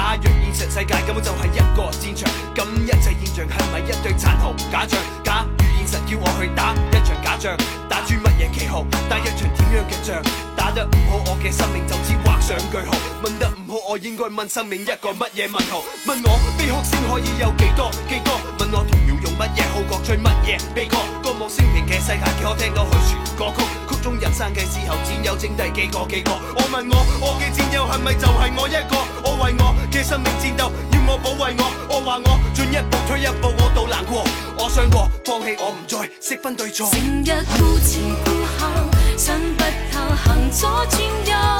假若現實世界根本就係一個戰場，咁一切現象係咪一對殘酷假象？假如現實叫我去打一場假仗，打住乜嘢旗號，打一場點樣嘅仗？打得唔好，我嘅生命就似畫上句號。問得唔好，我應該問生命一個乜嘢問號？問我悲哭先可以有幾多？幾多？問我。同。乜嘢好過最乜嘢悲歌？歌舞升平嘅世界，幾可聽到去傳歌曲？曲中人生嘅時候，只有剩低幾個幾個？我問我，我嘅戰友係咪就係我一個？我為我嘅生命戰鬥，要我保衛我。我話我進一步退一步，我都難過，我想過，放棄我唔再識分對錯。成日顧前顧後，想不透，行左轉右。